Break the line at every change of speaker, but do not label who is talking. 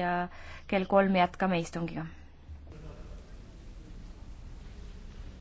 ja kell kolm jätkame istungiga